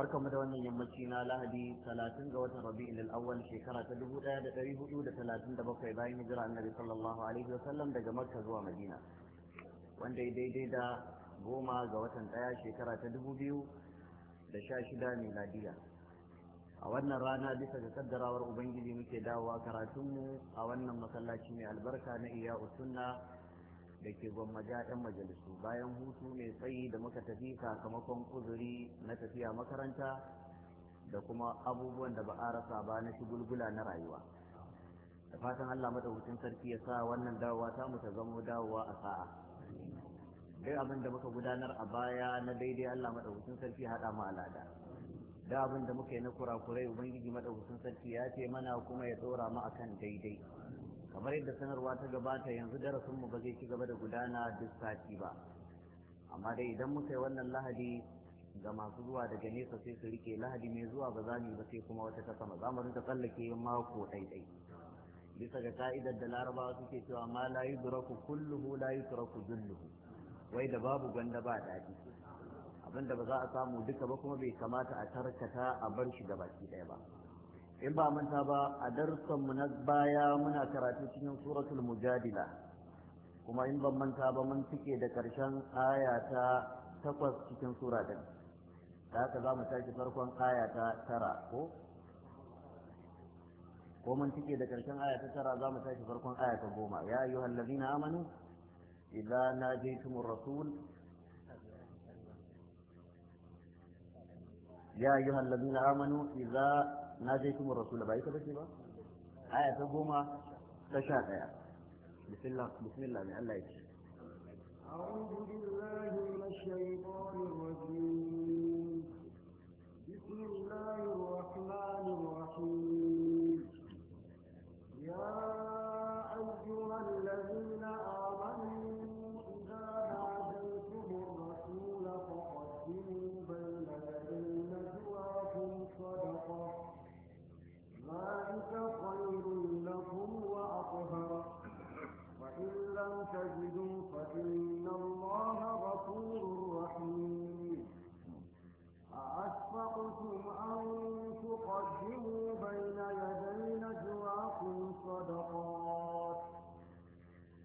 barkamu da wannan yammaci na lahadi talatin ga watan rabi'in ilal awwal shekara ta dubu ɗaya da ɗari hudu da talatin da bakwai bayan hijira annabi sallallahu alaihi wasallam daga makka zuwa madina wanda ya daidai da goma ga watan ɗaya shekara ta dubu biyu da sha shida miladiya a wannan rana bisa ga kaddarawar ubangiji muke dawowa karatunmu a wannan masallaci mai albarka na iya sunna da ke gwammaja 'yan majalisu bayan hutu mai tsayi da muka tafi sakamakon uzuri na tafiya makaranta da kuma abubuwan da ba a rasa ba na shi gulgula na rayuwa da fatan allah madaukakin sarki ya sa wannan dawowa ta mu ta dawowa a sa'a dai abin da muka gudanar a baya na daidai allah madaukakin sarki haɗa mu alada da abin da muka yi na kurakurai ubangiji madaukakin sarki ya ce mana kuma ya tsora mu akan daidai kamar yadda sanarwa ta gabata yanzu darasinmu ba zai ci gaba da gudana duk sati ba amma dai idan muka yi wannan lahadi ga masu zuwa daga nesa sai su rike lahadi mai zuwa ba za mu ba sai kuma wata ta sama za mu rinka tsallake mako ɗaiɗai bisa ga ka'idar da larabawa suke cewa ma la duraku kulluhu la yutraku zulluhu wai da babu gwanda ba daɗi abinda ba za a samu duka ba kuma bai kamata a tarkata a bar shi gabaki ɗaya ba in ba manta ba a darsan mu na baya muna karatu cikin suratul mujadila kuma in ban manta ba mun cike da karshen aya ta takwas cikin sura din da haka za mu tashi farkon aya ta tara ko ko mun cike da karshen aya ta tara za mu tashi farkon aya ta goma ya ayyuha allazina amanu idza najaytumur rasul ya ayyuha allazina amanu idza na je kuma rasula ba ita bace ba aya ta goma ta sha ɗaya bismillah bismillah ne Allah ya ce أعوذ لكم أن تقدموا بين يدي نجواكم صدقات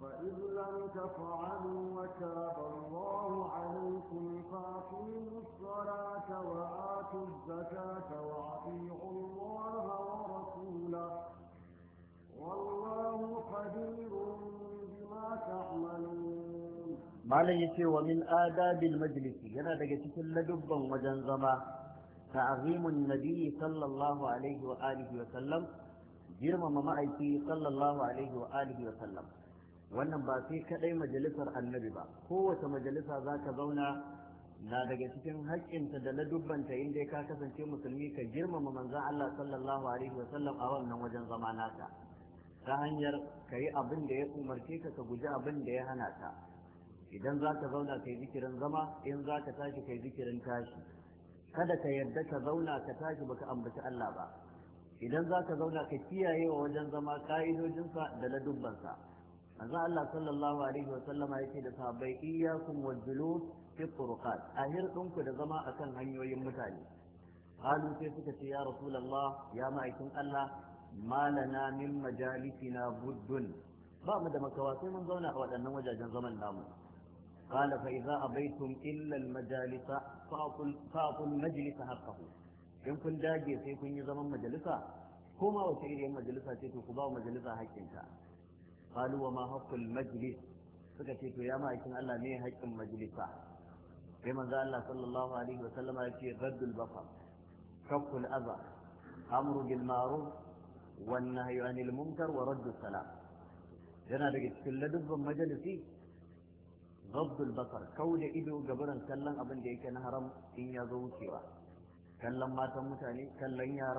فإن لم تفعلوا وتاب الله عليكم فأقيموا الصلاة وآتوا الزكاة وأطيعوا الله ورسوله والله قدير بما تعملون malam yace wa min adabil majlisi yana daga cikin ladubban wajen zama تعظيم النبي صلى الله عليه وآله وسلم girmama ma'aiki sallallahu alaihi wa sallam wannan ba sai kadai majalisar annabi ba kowace majalisa za ka zauna na daga cikin haƙƙinta da ladubbanta inda ka kasance musulmi ka girmama manzon Allah sallallahu alaihi wa sallam a wannan wajen zama nata ta hanyar ka yi abin da ya umarce ka ka guji abin da ya hana ta idan za ka zauna ka yi zikirin zama in za ka tashi ka yi zikirin tashi kada ka yarda ka zauna ka tashi baka ambaci Allah ba idan za ka zauna ka kiyaye wa wajen zama ka'idojinsa da ladubbansa azan Allah sallallahu alaihi wa sallama yake da sahabbai iyyakum wal julus fi turqat ahir dinku da zama akan hanyoyin mutane halu sai suka ce ya rasulullah ya ma'aikin Allah malana min majalisina buddun ba mu da makawa sai mun zauna a waɗannan wajajen zaman namu قال فإذا أبيتم إلا المجالس فأعطوا المجلس حقه إن كنت داجي سيكون يزمن مجلسة كما وسيري مجلسة تيتو كبا حق إنتا قالوا وما حق المجلس فكتيتو يا ما يكون الله مي حق المجلسة كما ذا الله صلى الله عليه وسلم في رد البصر حق الأذى أمر بالمعروف والنهي عن المنكر ورد السلام جنا daga كل ladubban مجلسي gabdul basar kau da ido gabaran kallon abin da yake na haram in ya zo wucewa kallon matan mutane kallon yara